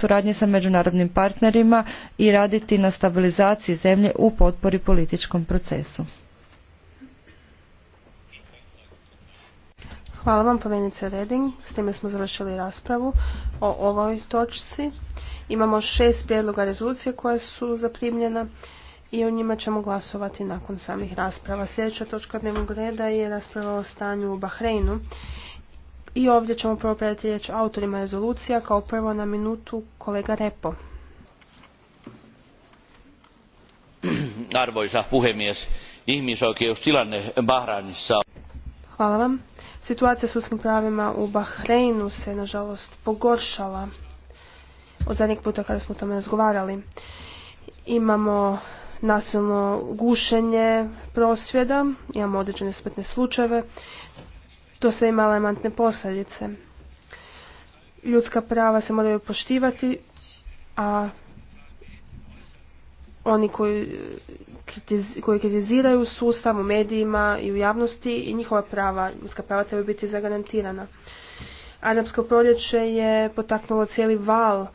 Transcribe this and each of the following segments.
suradnji sa međunarodnim partnerima i raditi na stabilizaciji zemlje u potpori političkom procesu. Hvala vam, povenice Reding. S time smo završili raspravu o ovoj točci. Imamo šest prijedloga rezolucije koje su zaprimljena i o njima ćemo glasovati nakon samih rasprava. Sljedeća točka dnevnog reda je rasprava o stanju u Bahreinu i ovdje ćemo prvo predati riječ autorima rezolucija, kao prvo na minutu kolega Repo. Arvoisa puhemies, Hvala vam. Situacija s ljudskim pravima u Bahreinu se, nažalost, pogoršala od zadnjeg puta kada smo o tome razgovarali. Imamo nasilno gušenje prosvjeda, imamo određene smrtne slučajeve to sve ima alarmantne posljedice. Ljudska prava se moraju poštivati, a oni koji, kritiziraju sustav u medijima i u javnosti i njihova prava, ljudska prava trebaju biti zagarantirana. Arabsko proljeće je potaknulo cijeli val e,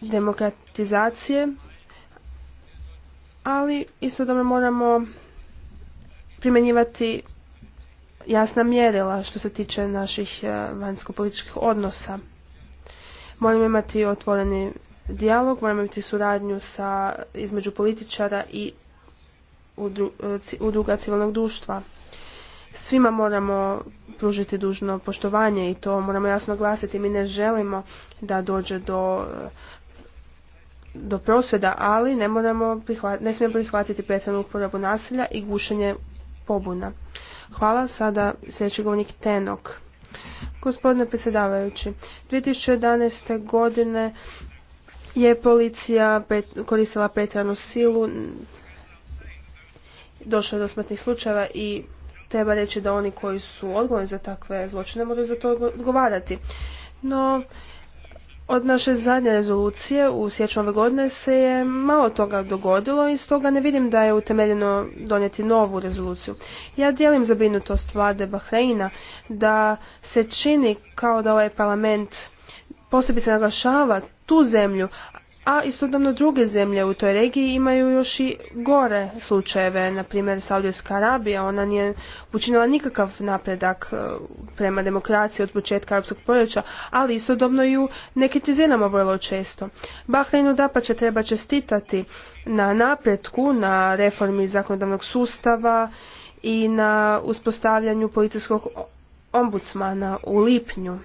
demokratizacije, ali isto dobro moramo primjenjivati jasna mjerila što se tiče naših e, vanjsko-političkih odnosa. Moramo imati otvoreni dijalog, moramo imati suradnju sa, između političara i e, udruga civilnog društva. Svima moramo pružiti dužno poštovanje i to moramo jasno glasiti. Mi ne želimo da dođe do e, do prosvjeda, ali ne, moramo ne smijemo prihvatiti prethodnu uporabu nasilja i gušenje pobuna. Hvala. Sada sljedeći govornik Tenok. Gospodine predsjedavajući, 2011. godine je policija koristila pretranu silu, došlo je do smrtnih slučajeva i treba reći da oni koji su odgovorni za takve zločine moraju za to odgovarati. No, od naše zadnje rezolucije u sjeću ove godine se je malo toga dogodilo i stoga ne vidim da je utemeljeno donijeti novu rezoluciju. Ja dijelim zabrinutost vlade Bahreina da se čini kao da ovaj parlament posebice naglašava tu zemlju, a istodobno druge zemlje u toj regiji imaju još i gore slučajeve, na primjer Saudijska Arabija, ona nije učinila nikakav napredak e, prema demokraciji od početka arapskog proljeća, ali istodobno ju ne kritiziramo vrlo često. Bahreinu će treba čestitati na napretku, na reformi zakonodavnog sustava i na uspostavljanju policijskog ombudsmana u lipnju.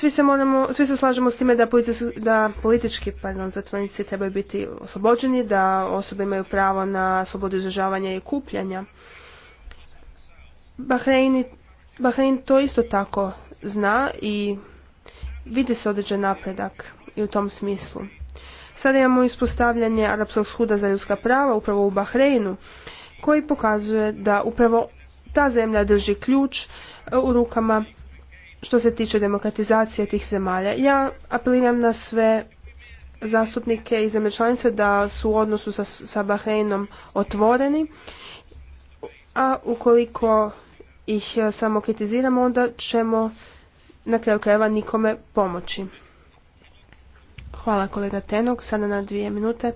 Svi se, moramo, svi se slažemo s time da, politički, da politički pardon, zatvornici trebaju biti oslobođeni, da osobe imaju pravo na slobodu izražavanja i kupljanja. Bahrein, to isto tako zna i vidi se određen napredak i u tom smislu. Sada imamo ispostavljanje Arapskog suda za ljudska prava upravo u Bahreinu koji pokazuje da upravo ta zemlja drži ključ e, u rukama što se tiče demokratizacije tih zemalja. Ja apeliram na sve zastupnike i zemlje članice da su u odnosu sa, sa Bahreinom otvoreni, a ukoliko ih samo kritiziramo, onda ćemo na kraju krajeva nikome pomoći. Hvala kolega Tenog, sada na dvije minute.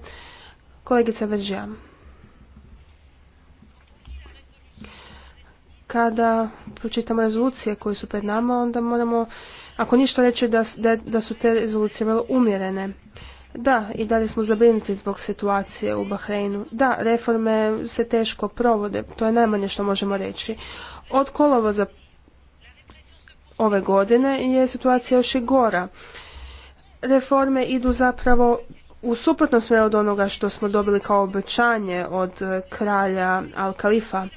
Kolegica Veržija. kada pročitamo rezolucije koje su pred nama, onda moramo, ako ništa reći, da, da, su te rezolucije vrlo umjerene. Da, i da li smo zabrinuti zbog situacije u Bahreinu. Da, reforme se teško provode, to je najmanje što možemo reći. Od za ove godine je situacija još i gora. Reforme idu zapravo u suprotnom smjeru od onoga što smo dobili kao obećanje od kralja Al-Kalifa.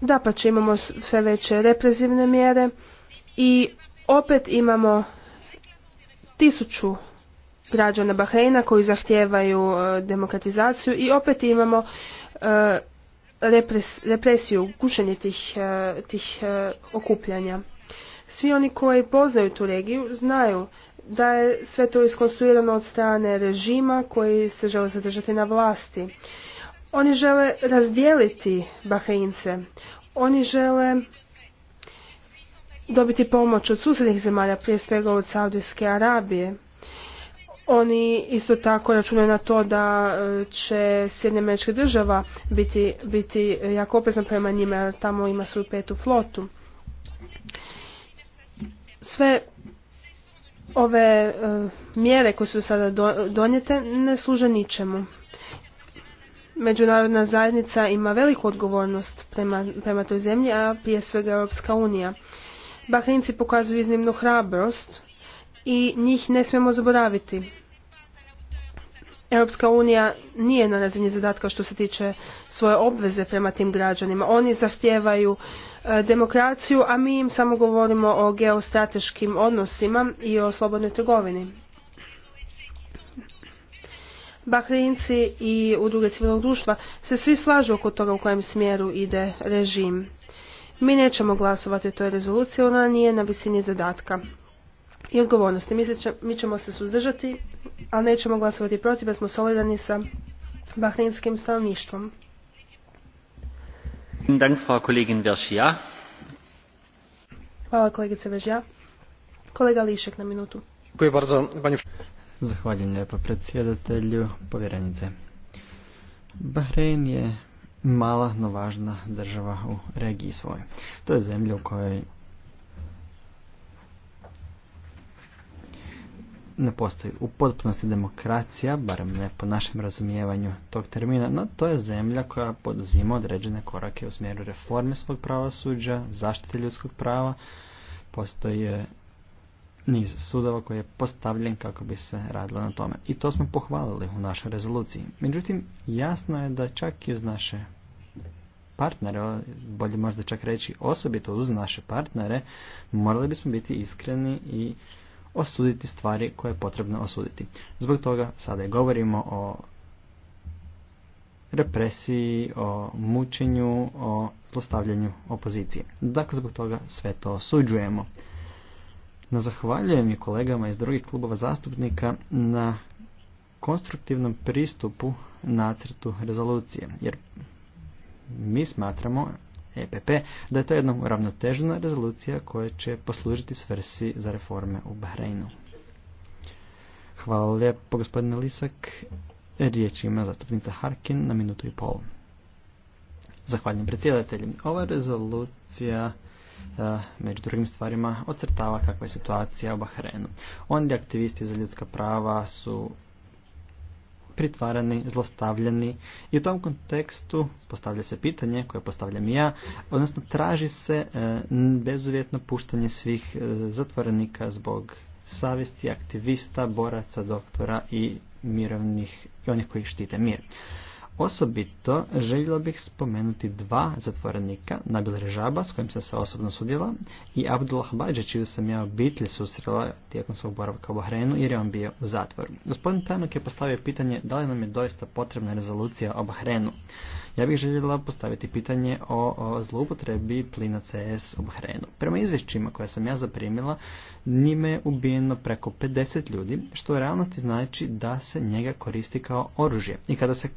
Da pa će imamo sve veće represivne mjere i opet imamo tisuću građana Bahreina koji zahtijevaju e, demokratizaciju i opet imamo e, represiju, gušenje tih, e, tih okupljanja. Svi oni koji poznaju tu regiju znaju da je sve to iskonstruirano od strane režima koji se žele zadržati na vlasti. Oni žele razdijeliti Bahajince. Oni žele dobiti pomoć od susjednih zemalja, prije svega od Saudijske Arabije. Oni isto tako računaju na to da e, će Sjedinja američka država biti, biti jako oprezna prema njima, jer tamo ima svoju petu flotu. Sve ove e, mjere koje su sada donijete ne služe ničemu međunarodna zajednica ima veliku odgovornost prema, prema toj zemlji, a prije svega Europska unija. Bahrinci pokazuju iznimnu hrabrost i njih ne smijemo zaboraviti. Europska unija nije na razini zadatka što se tiče svoje obveze prema tim građanima. Oni zahtijevaju e, demokraciju, a mi im samo govorimo o geostrateškim odnosima i o slobodnoj trgovini. Bahreinci i udruge civilnog društva se svi slažu oko toga u kojem smjeru ide režim. Mi nećemo glasovati o toj rezoluciji, ona nije na visini zadatka i odgovornosti. Mi, ćemo se suzdržati, ali nećemo glasovati protiv, jer smo solidarni sa bahrinskim stanovništvom. Hvala kolegice Kolega Lišek na minutu. Zahvaljujem lijepo predsjedatelju, povjerenice. Bahrein je mala, no važna država u regiji svoje. To je zemlja u kojoj ne postoji u potpunosti demokracija, barem ne po našem razumijevanju tog termina, no to je zemlja koja poduzima određene korake u smjeru reforme svog pravosuđa, zaštite ljudskog prava, postoji niz sudova koji je postavljen kako bi se radilo na tome. I to smo pohvalili u našoj rezoluciji. Međutim, jasno je da čak i uz naše partnere, bolje možda čak reći osobito uz naše partnere, morali bismo biti iskreni i osuditi stvari koje je potrebno osuditi. Zbog toga sada i govorimo o represiji, o mučenju, o zlostavljanju opozicije. Dakle, zbog toga sve to osuđujemo. No zahvaljujem i kolegama iz drugih klubova zastupnika na konstruktivnom pristupu nacrtu rezolucije. Jer mi smatramo, EPP, da je to jedna uravnotežena rezolucija koja će poslužiti svrsi za reforme u Bahreinu. Hvala lijepo gospodine Lisak. Riječ ima zastupnica Harkin na minutu i pol. Zahvaljujem predsjedatelji. Ova rezolucija E, među drugim stvarima ocrtava kakva je situacija u Bahrenu. Oni aktivisti za ljudska prava su pritvarani, zlostavljani i u tom kontekstu postavlja se pitanje koje postavljam i ja, odnosno traži se e, bezuvjetno puštanje svih e, zatvorenika zbog savjesti, aktivista, boraca, doktora i mirovnih i onih koji štite mir. Osobito željela bih spomenuti dva zatvorenika, Nabil Režaba s kojim sam se osobno sudjela i Abdullah Bađe čiju sam ja obitelj susrela tijekom svog boravka u Bahreinu jer je on bio u zatvoru. Gospodin Tanuk je postavio pitanje da li nam je doista potrebna rezolucija o Bahreinu. Ja bih željela postaviti pitanje o, zloupotrebi plina CS u Bahreinu. Prema izvješćima koje sam ja zaprimila, njime je ubijeno preko 50 ljudi, što u realnosti znači da se njega koristi kao oružje. I kada se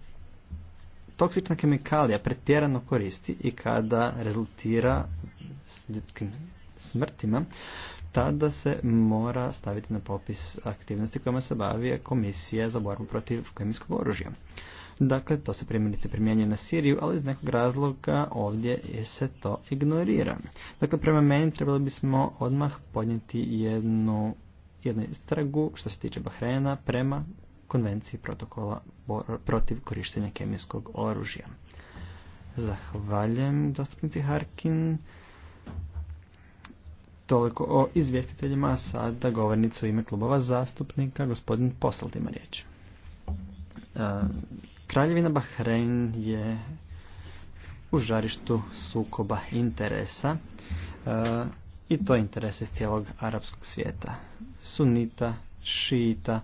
toksična kemikalija pretjerano koristi i kada rezultira s ljudskim smrtima, tada se mora staviti na popis aktivnosti kojima se bavi Komisija za borbu protiv kemijskog oružja. Dakle, to se primjerice primjenjuje na Siriju, ali iz nekog razloga ovdje se to ignorira. Dakle, prema meni trebali bismo odmah podnijeti jednu jednu istragu što se tiče Bahrena prema konvenciji protokola protiv korištenja kemijskog oružja. Zahvaljujem zastupnici Harkin. Toliko o izvjestiteljima, a sada govornica u ime klubova zastupnika, gospodin Poslalt ima riječ. E, Kraljevina Bahrein je u žarištu sukoba interesa e, i to interese cijelog arapskog svijeta. Sunita, šita,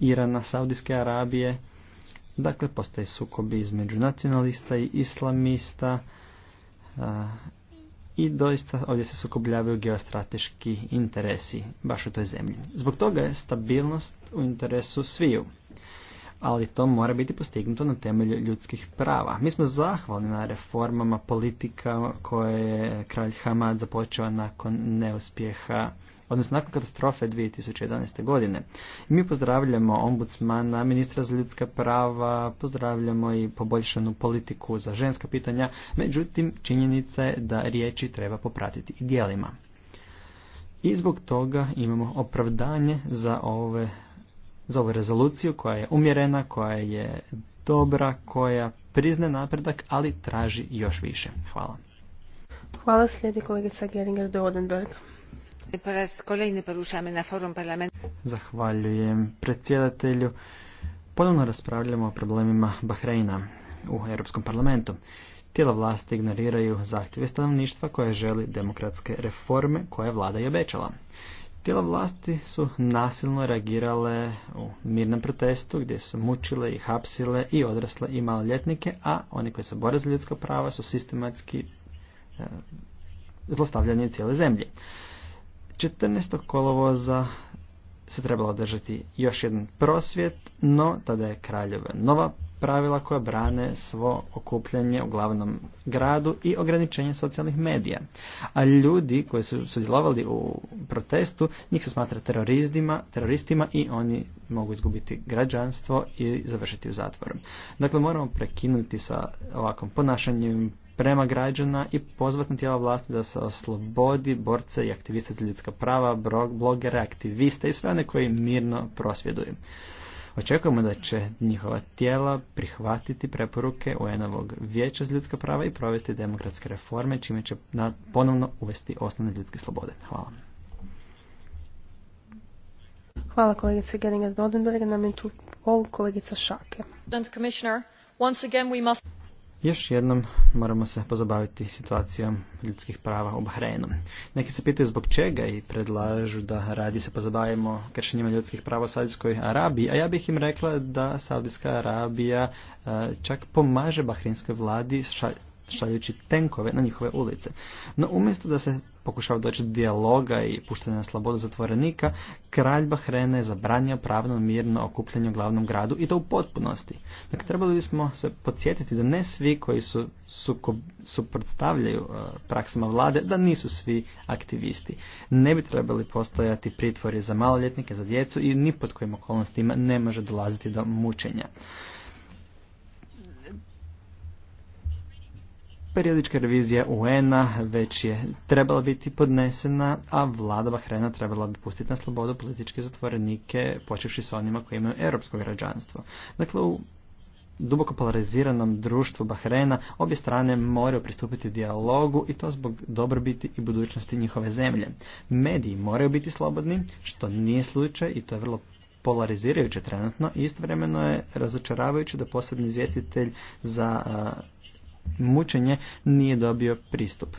Irana, Saudijske Arabije. Dakle, postoje sukobi između nacionalista i islamista i doista ovdje se sukobljavaju geostrateški interesi baš u toj zemlji. Zbog toga je stabilnost u interesu sviju, ali to mora biti postignuto na temelju ljudskih prava. Mi smo zahvalni na reformama politika koje je kralj Hamad započeo nakon neuspjeha odnosno nakon katastrofe 2011. godine. Mi pozdravljamo ombudsmana, ministra za ljudska prava, pozdravljamo i poboljšanu politiku za ženska pitanja, međutim činjenica je da riječi treba popratiti i dijelima. I zbog toga imamo opravdanje za ove za ovu rezoluciju koja je umjerena, koja je dobra, koja prizne napredak, ali traži još više. Hvala. Hvala slijedi kolegica Geringer de Odenberg. Zahvaljujem predsjedatelju. Ponovno raspravljamo o problemima Bahreina u Europskom parlamentu. Tijela vlasti ignoriraju zahtjeve stanovništva koje želi demokratske reforme koje vlada i obećala. Tijela vlasti su nasilno reagirale u mirnom protestu gdje su mučile i hapsile i odrasle i maloljetnike, a oni koji se bore za ljudska prava su sistematski eh, zlostavljani zlostavljanje cijele zemlje. 14. kolovoza se trebalo održati još jedan prosvjet, no tada je kraljeva nova pravila koja brane svo okupljanje u glavnom gradu i ograničenje socijalnih medija. A ljudi koji su sudjelovali u protestu, njih se smatra teroristima, teroristima i oni mogu izgubiti građanstvo i završiti u zatvoru. Dakle, moramo prekinuti sa ovakvom ponašanjem prema građana i pozvati na tijela vlasti da se oslobodi borce i aktiviste za ljudska prava, blogere, aktiviste i sve one koji mirno prosvjeduju. Očekujemo da će njihova tijela prihvatiti preporuke UN-ovog vijeća za ljudska prava i provesti demokratske reforme, čime će ponovno uvesti osnovne ljudske slobode. Hvala. Hvala kolegica Šake. Once again we must... Još jednom moramo se pozabaviti situacijom ljudskih prava u Bahreinu. Neki se pitaju zbog čega i predlažu da radi se pozabavimo kršenjima ljudskih prava u Saudijskoj Arabiji, a ja bih im rekla da Saudijska Arabija e, čak pomaže Bahreinskoj vladi šaljući tenkove na njihove ulice. No umjesto da se pokušava doći do dijaloga i puštenja na slobodu zatvorenika, kralj Bahrena je zabranio pravno mirno okupljanje u glavnom gradu i to u potpunosti. Dakle, trebali bismo se podsjetiti da ne svi koji su suprotstavljaju e, praksama vlade, da nisu svi aktivisti. Ne bi trebali postojati pritvori za maloljetnike, za djecu i ni pod kojim okolnostima ne može dolaziti do mučenja. periodička revizija UN-a već je trebala biti podnesena, a vlada Bahrena trebala bi pustiti na slobodu političke zatvorenike, počevši sa onima koji imaju europsko građanstvo. Dakle, u duboko polariziranom društvu Bahrena obje strane moraju pristupiti dijalogu i to zbog dobrobiti i budućnosti njihove zemlje. Mediji moraju biti slobodni, što nije slučaj i to je vrlo polarizirajuće trenutno i istovremeno je razočaravajuće da posebni izvjestitelj za mučenje nije dobio pristup.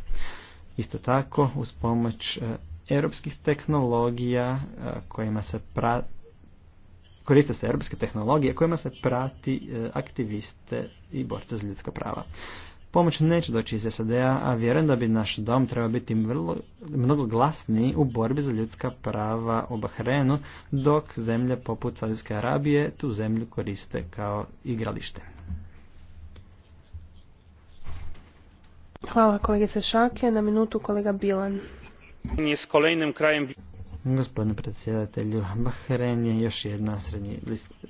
Isto tako uz pomoć e, europskih tehnologija e, kojima se pra... koriste se europske tehnologije kojima se prati e, aktiviste i borce za ljudska prava. Pomoć neće doći iz SAD-a, a vjerujem da bi naš dom trebao biti vrlo, mnogo glasniji u borbi za ljudska prava u Bahrenu, dok zemlje poput Saudijske Arabije tu zemlju koriste kao igralište. Hvala kolegice Na minutu kolega Bilan. Gospodine predsjedatelju, Bahrein je još jedna srednji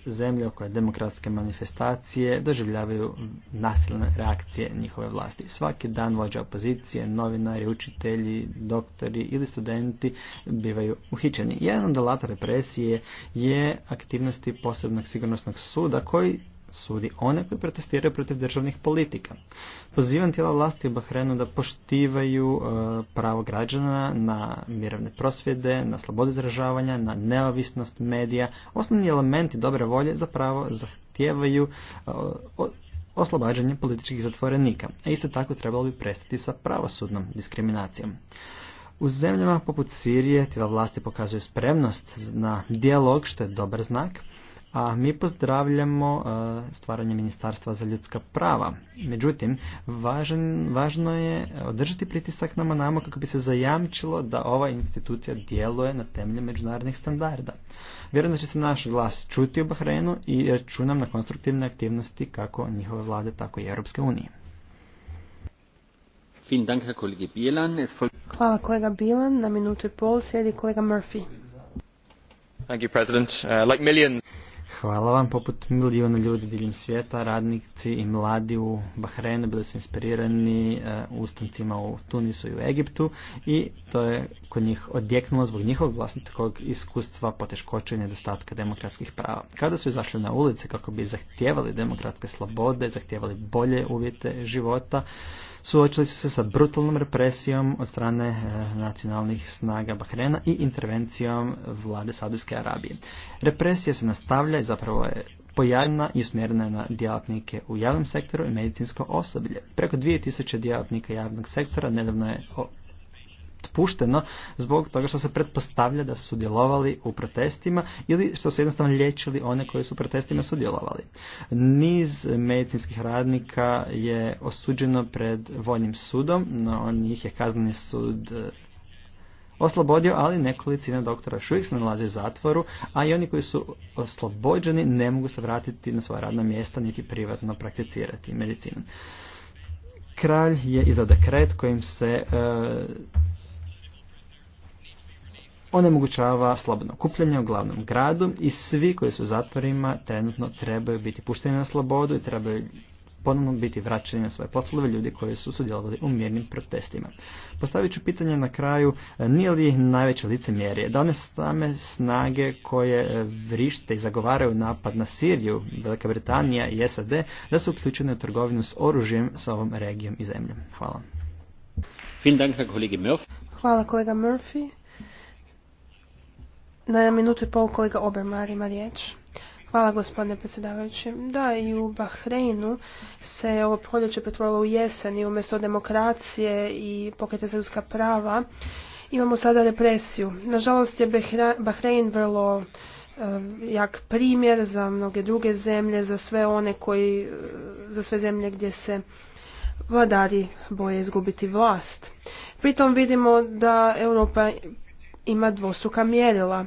zemlja u kojoj demokratske manifestacije doživljavaju nasilne reakcije njihove vlasti. Svaki dan vođa opozicije, novinari, učitelji, doktori ili studenti bivaju uhičeni. Jedan od alata represije je aktivnosti posebnog sigurnosnog suda koji sudi one koji protestiraju protiv državnih politika. Pozivam tijela vlasti u Bahrenu da poštivaju e, pravo građana na mirovne prosvjede, na slobodu izražavanja, na neovisnost medija. Osnovni elementi dobre volje zapravo zahtijevaju e, oslobađanje političkih zatvorenika, a isto tako trebalo bi prestati sa pravosudnom diskriminacijom. U zemljama poput Sirije tijela vlasti pokazuje spremnost na dijalog, što je dobar znak, a mi pozdravljamo e, stvaranje Ministarstva za ljudska prava. Međutim, važno je održati pritisak na Manamo kako bi se zajamčilo da ova institucija djeluje na temelju međunarodnih standarda. Vjerujem da će se naš glas čuti u Bahreinu i računam na konstruktivne aktivnosti kako njihove vlade, tako i Europske unije. kolega Bilan. Na minutu i pol kolega Murphy. Thank uh, Hvala vam, poput milijuna ljudi diljem svijeta, radnici i mladi u Bahreinu bili su inspirirani e, ustancima u Tunisu i u Egiptu i to je kod njih odjeknulo zbog njihovog vlastitog iskustva poteškoća i nedostatka demokratskih prava. Kada su izašli na ulice kako bi zahtijevali demokratske slobode, zahtijevali bolje uvjete života, suočili su se sa brutalnom represijom od strane eh, nacionalnih snaga Bahrena i intervencijom vlade Saudijske Arabije. Represija se nastavlja i zapravo je pojavljena i usmjerena na djelatnike u javnom sektoru i medicinsko osoblje. Preko 2000 djelatnika javnog sektora nedavno je pušteno zbog toga što se pretpostavlja da su sudjelovali u protestima ili što su jednostavno liječili one koji su u protestima sudjelovali. Niz medicinskih radnika je osuđeno pred vojnim sudom, no on njih je kazneni sud e, oslobodio, ali nekolicina doktora još se nalazi u zatvoru, a i oni koji su oslobođeni ne mogu se vratiti na svoja radna mjesta niti privatno prakticirati medicinu. Kralj je izdao dekret kojim se e, onemogućava slobodno kupljanje u glavnom gradu i svi koji su u zatvorima trenutno trebaju biti pušteni na slobodu i trebaju ponovno biti vraćeni na svoje poslove ljudi koji su sudjelovali u mirnim protestima. Postavit ću pitanje na kraju, nije li najveće licemjerje da one same snage koje vrište i zagovaraju napad na Siriju, Velika Britanija i SAD, da su uključene u trgovinu s oružjem sa ovom regijom i zemljom? Hvala. Hvala kolega Murphy. Na minutu i pol kolega Obermar ima riječ. Hvala gospodine predsjedavajući. Da, i u Bahreinu se ovo proljeće pretvorilo u jesen i umjesto demokracije i pokreta za ljudska prava imamo sada represiju. Nažalost je Bahrein vrlo eh, jak primjer za mnoge druge zemlje, za sve one koji, eh, za sve zemlje gdje se vladari boje izgubiti vlast. Pritom vidimo da Europa ima dvostruka mjerila.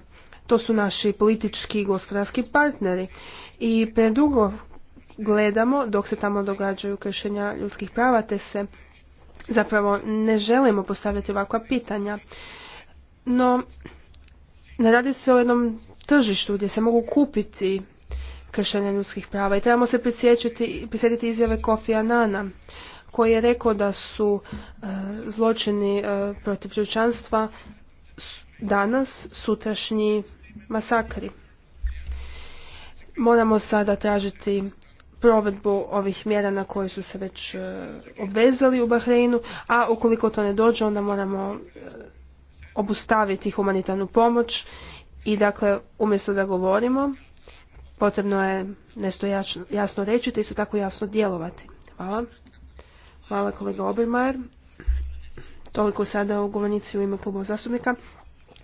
To su naši politički i gospodarski partneri i predugo gledamo dok se tamo događaju kršenja ljudskih prava te se zapravo ne želimo postavljati ovakva pitanja. No, ne radi se o jednom tržištu gdje se mogu kupiti kršenja ljudskih prava i trebamo se prisjetiti izjave Kofi Nana, koji je rekao da su e, zločini e, protiv čovječanstva danas sutrašnji masakri. Moramo sada tražiti provedbu ovih mjera na koje su se već e, obvezali u Bahreinu, a ukoliko to ne dođe onda moramo e, obustaviti humanitarnu pomoć i dakle umjesto da govorimo potrebno je nešto jasno reći te isto tako jasno djelovati. Hvala. Hvala kolega Obermajer. Toliko sada u govornici u ime kluba zastupnika.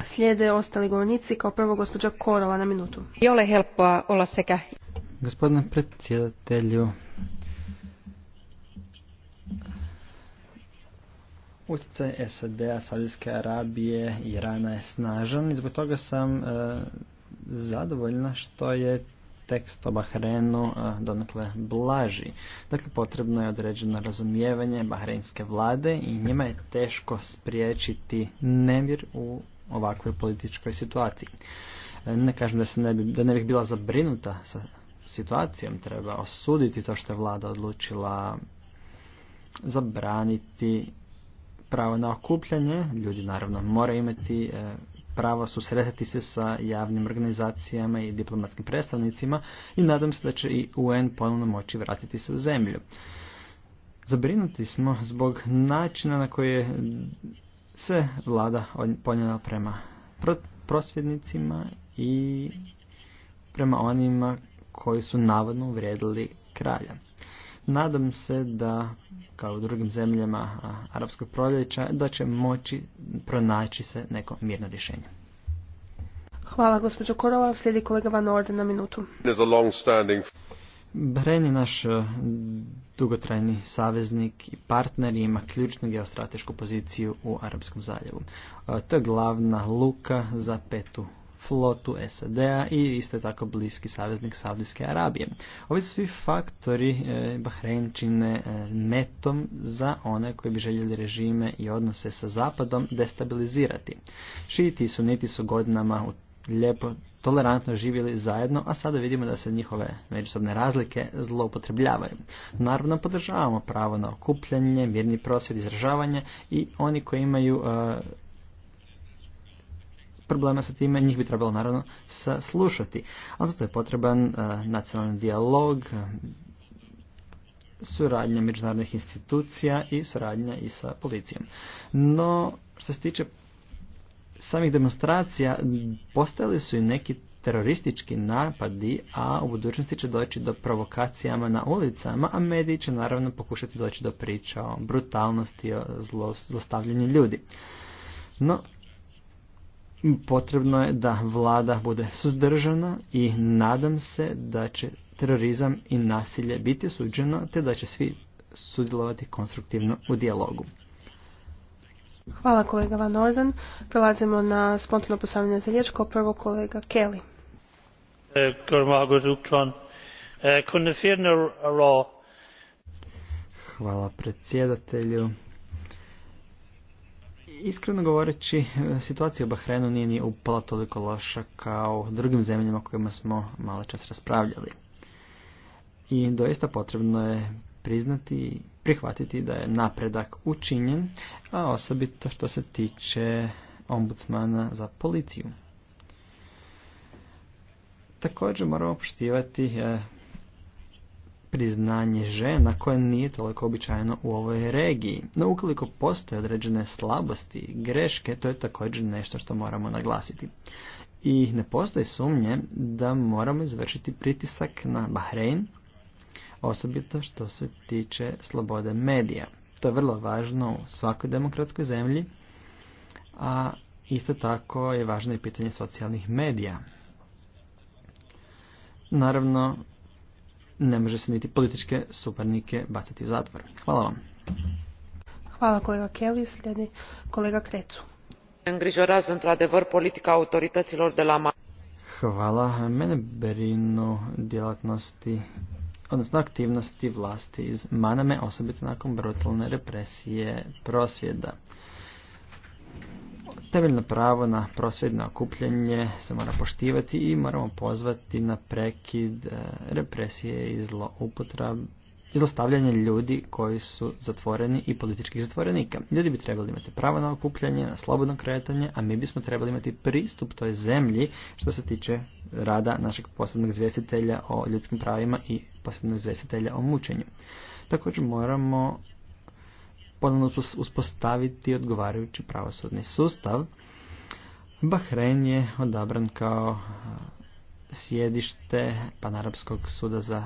Slijede ostali govornici, kao prvo gospođa Korova na minutu. Jole helpoa Gospodine predsjedatelju, Utjecaj SAD-a, Saudijske Arabije i Irana je snažan i zbog toga sam e, zadovoljna što je tekst o Bahrenu e, donekle blaži. Dakle, potrebno je određeno razumijevanje bahrenske vlade i njima je teško spriječiti nemir u ovakvoj političkoj situaciji. E, ne kažem da, se ne, da ne bih bila zabrinuta sa situacijom, treba osuditi to što je vlada odlučila zabraniti pravo na okupljanje. Ljudi naravno moraju imati e, pravo susretati se sa javnim organizacijama i diplomatskim predstavnicima i nadam se da će i UN ponovno moći vratiti se u zemlju. Zabrinuti smo zbog načina na koji je se vlada ponijela prema prosvjednicima i prema onima koji su navodno uvrijedili kralja. Nadam se da, kao u drugim zemljama arapskog proljeća, da će moći pronaći se neko mirno rješenje. Hvala, gospođo Korova. Slijedi kolega Van Orden na minutu. Bahrein je naš e, dugotrajni saveznik i partner i ima ključnu geostratešku poziciju u Arabskom zaljevu. E, to je glavna luka za petu flotu SAD-a i isto tako bliski saveznik Saudijske Arabije. Ovi svi faktori e, Bahrein čine metom za one koji bi željeli režime i odnose sa Zapadom destabilizirati. Šiti i suniti su godinama u lijepo, tolerantno živjeli zajedno, a sada vidimo da se njihove međusobne razlike zloupotrebljavaju. Naravno, podržavamo pravo na okupljanje, mirni prosvjed, izražavanje i oni koji imaju e, problema sa time, njih bi trebalo naravno saslušati. A zato je potreban e, nacionalni dijalog, suradnja međunarodnih institucija i suradnja i sa policijom. No, što se tiče samih demonstracija postali su i neki teroristički napadi, a u budućnosti će doći do provokacijama na ulicama, a mediji će naravno pokušati doći do priča o brutalnosti, o zlostavljanju ljudi. No, potrebno je da vlada bude suzdržana i nadam se da će terorizam i nasilje biti suđeno, te da će svi sudjelovati konstruktivno u dijalogu. Hvala kolega Van Orden. Prelazimo na spontano postavljanje za riječ. Kao prvo kolega Kelly. Eh, eh, Hvala predsjedatelju. Iskreno govoreći, situacija u Bahreinu nije ni upala toliko loša kao u drugim zemljama kojima smo malo čas raspravljali. I doista potrebno je priznati prihvatiti da je napredak učinjen, a osobito što se tiče ombudsmana za policiju. Također moramo poštivati e, priznanje žena koje nije toliko običajno u ovoj regiji. No ukoliko postoje određene slabosti, greške, to je također nešto što moramo naglasiti. I ne postoji sumnje da moramo izvršiti pritisak na Bahrein osobito što se tiče slobode medija. To je vrlo važno u svakoj demokratskoj zemlji, a isto tako je važno i pitanje socijalnih medija. Naravno, ne može se niti političke suparnike bacati u zatvor. Hvala vam. Hvala kolega Kelly, slijedi kolega Krecu. Hvala. Mene brinu djelatnosti odnosno aktivnosti vlasti iz Maname, osobito nakon brutalne represije prosvjeda. Temeljno pravo na prosvjedno okupljanje se mora poštivati i moramo pozvati na prekid eh, represije i zloupotreba Zlostavljanja ljudi koji su zatvoreni i političkih zatvorenika. Ljudi bi trebali imati pravo na okupljanje, na slobodno kretanje, a mi bismo trebali imati pristup toj zemlji što se tiče rada našeg posebnog zvjestitelja o ljudskim pravima i posebnog izvjestitelja o mučenju. Također moramo ponovno uspostaviti odgovarajući pravosudni sustav. Bahrein je odabran kao sjedište Panarabskog suda za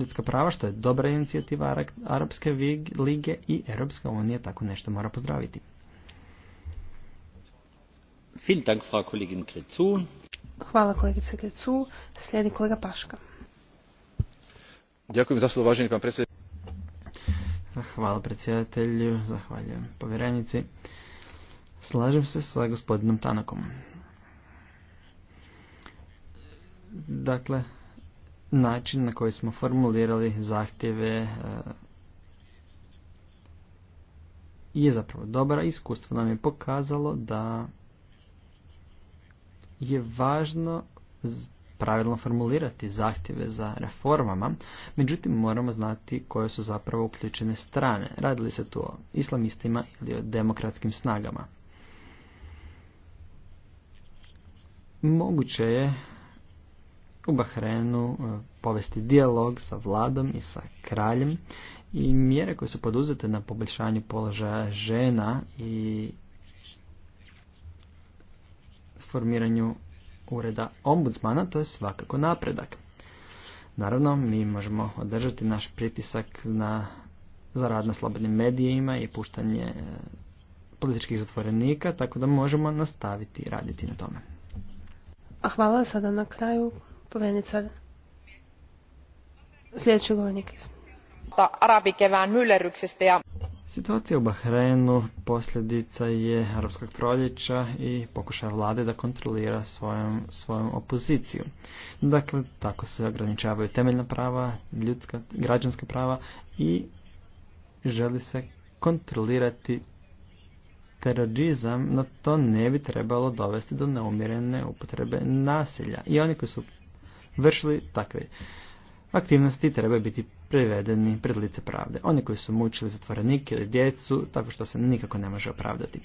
ljudska prava, što je dobra inicijativa Arapske lige i Europska unija tako nešto mora pozdraviti. Hvala kolegice Krecu. Slijedi kolega Paška. Dziękuję za slovo, pan Hvala predsjedatelju, zahvaljujem povjerenici. Slažem se sa gospodinom Tanakom. Dakle, način na koji smo formulirali zahtjeve e, je zapravo dobra. Iskustvo nam je pokazalo da je važno pravilno formulirati zahtjeve za reformama, međutim moramo znati koje su zapravo uključene strane. Radili se tu o islamistima ili o demokratskim snagama. Moguće je u Bahrenu e, povesti dijalog sa vladom i sa kraljem i mjere koje su poduzete na poboljšanju položaja žena i formiranju ureda ombudsmana, to je svakako napredak. Naravno, mi možemo održati naš pritisak na, za rad na slobodnim medijima i puštanje e, političkih zatvorenika, tako da možemo nastaviti raditi na tome. Hvala sada na kraju Povjerenica. Sljedeći govornik. myllerryksestä ja Situacija u Bahreinu posljedica je arapskog proljeća i pokušaja vlade da kontrolira svojom, svojom opoziciju. Dakle, tako se ograničavaju temeljna prava, ljudska, građanska prava i želi se kontrolirati terorizam, no to ne bi trebalo dovesti do neumjerene upotrebe nasilja. I oni koji su vršili takve aktivnosti treba biti privedeni pred lice pravde. Oni koji su mučili zatvorenike ili djecu, tako što se nikako ne može opravdati.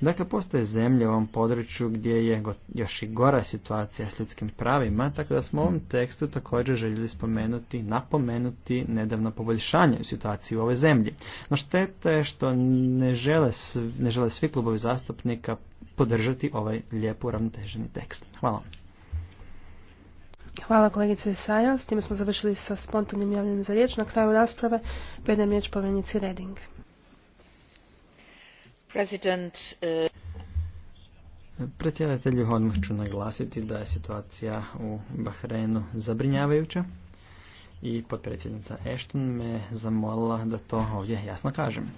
Dakle, postoje zemlje u ovom području gdje je još i gora situacija s ljudskim pravima, tako da smo u ovom tekstu također željeli spomenuti, napomenuti nedavno poboljšanje u situaciji u ovoj zemlji. No šteta je što ne žele, ne žele svi klubovi zastupnika podržati ovaj lijepo uravnoteženi tekst. Hvala vam. Hvala kolegice Saja. S time smo završili sa spontanim javljanjem za riječ. Na kraju rasprave predajem riječ povenici Reding. Uh, Predsjedatelju odmah ću naglasiti da je situacija u Bahreinu zabrinjavajuća i potpredsjednica Ashton me zamolila da to ovdje jasno kažem.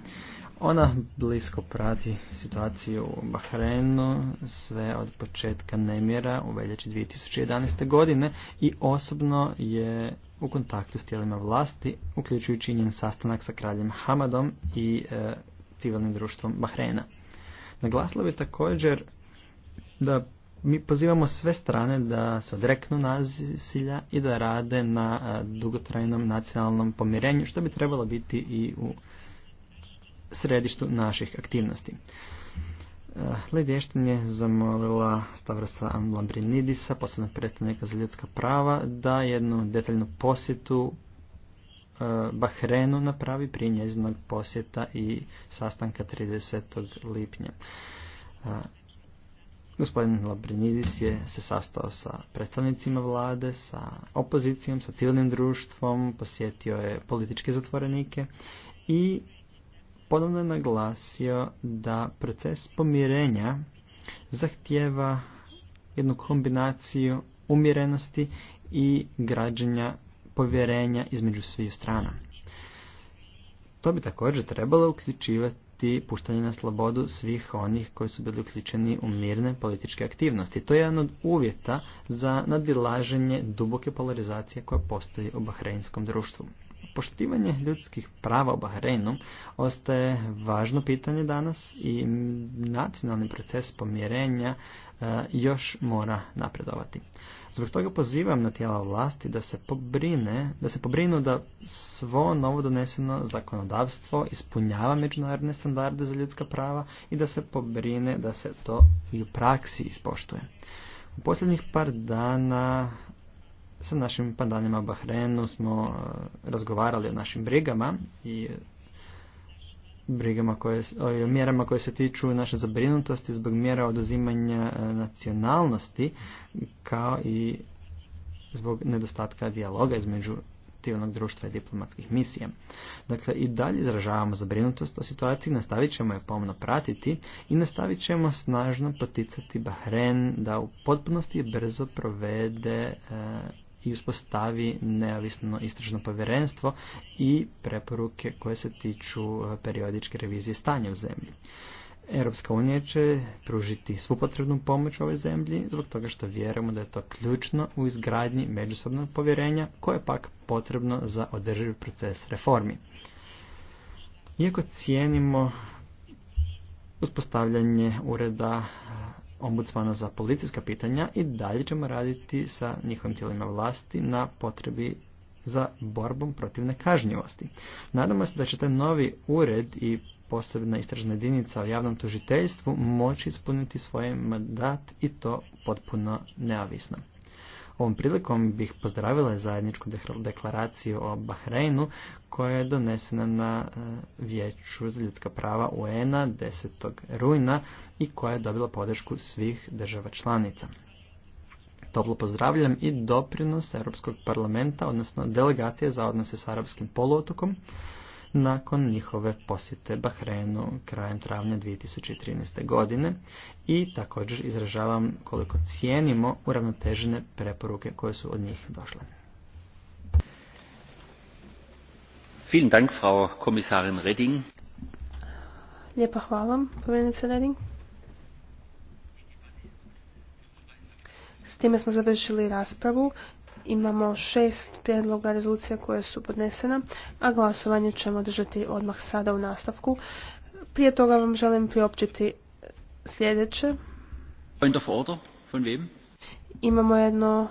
Ona blisko prati situaciju u Bahreinu sve od početka nemjera u veljači 2011. godine i osobno je u kontaktu s tijelima vlasti, uključujući njen sastanak sa kraljem Hamadom i e, civilnim društvom Bahreina. Naglasila bi također da mi pozivamo sve strane da se odreknu nasilja i da rade na e, dugotrajnom nacionalnom pomirenju, što bi trebalo biti i u središtu naših aktivnosti. E, Ledještin je zamolila Stavrasa Lambrinidisa, posebnog predstavnika za ljudska prava, da jednu detaljnu posjetu e, Bahrenu napravi prije njezinog posjeta i sastanka 30. lipnja. E, gospodin Labrinidis je se sastao sa predstavnicima vlade, sa opozicijom, sa civilnim društvom, posjetio je političke zatvorenike i ponovno je naglasio da proces pomirenja zahtjeva jednu kombinaciju umjerenosti i građenja povjerenja između svih strana. To bi također trebalo uključivati puštanje na slobodu svih onih koji su bili uključeni u mirne političke aktivnosti. To je jedan od uvjeta za nadilaženje duboke polarizacije koja postoji u bahreinskom društvu. Poštivanje ljudskih prava u Bahreinu ostaje važno pitanje danas i nacionalni proces pomjerenja e, još mora napredovati. Zbog toga pozivam na tijela vlasti da se pobrine, da se pobrinu da svo novo doneseno zakonodavstvo ispunjava međunarodne standarde za ljudska prava i da se pobrine da se to i u praksi ispoštuje. U posljednjih par dana sa našim pandanima u Bahrenu smo e, razgovarali o našim brigama i brigama koje, o mjerama koje se tiču naše zabrinutosti zbog mjera oduzimanja e, nacionalnosti kao i zbog nedostatka dijaloga između civilnog društva i diplomatskih misija. Dakle, i dalje izražavamo zabrinutost o situaciji, nastavit ćemo je pomno pratiti i nastavit ćemo snažno poticati Bahren da u potpunosti brzo provede e, i uspostavi neovisno istražno povjerenstvo i preporuke koje se tiču e, periodičke revizije stanja u zemlji. Europska unija će pružiti svu potrebnu pomoć ovoj zemlji zbog toga što vjerujemo da je to ključno u izgradnji međusobnog povjerenja koje je pak potrebno za održiv proces reformi. Iako cijenimo uspostavljanje ureda ombudsmana za policijska pitanja i dalje ćemo raditi sa njihovim tijelima vlasti na potrebi za borbom protiv nekažnjivosti. Nadamo se da će taj novi ured i posebna istražna jedinica u javnom tužiteljstvu moći ispuniti svoj mandat i to potpuno neavisno. Ovom prilikom bih pozdravila zajedničku deklaraciju o Bahreinu koja je donesena na eh, vijeću za ljudska prava UN-a 10. rujna i koja je dobila podršku svih država članica. Toplo pozdravljam i doprinos Europskog parlamenta, odnosno delegacije za odnose s arapskim poluotokom, nakon njihove posjete Bahrenu krajem travnja 2013. godine i također izražavam koliko cijenimo uravnotežene preporuke koje su od njih došle. Vielen Dank, Frau Kommissarin Lijepa hvala vam, povjednice Redding. S time smo završili raspravu Imamo šest prijedloga rezolucija koje su podnesena, a glasovanje ćemo držati odmah sada u nastavku. Prije toga vam želim priopćiti sljedeće. Imamo jedno